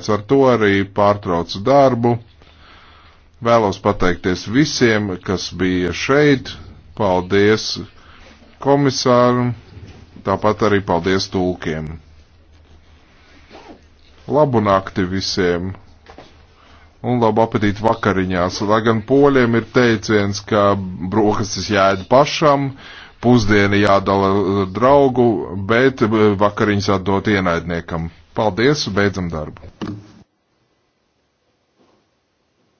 Es ar to arī pārtraucu darbu. Vēlos pateikties visiem, kas bija šeit. Paldies komisāram, tāpat arī paldies tulkiem. Labu nakti visiem un labu apetīti vakariņās. Lai gan poļiem ir teiciens, ka brokastis jāēd pašam, pusdieni jādala eh, draugu, bet eh, vakariņas atdot ienaidniekam. Paldies, beidzam darbu!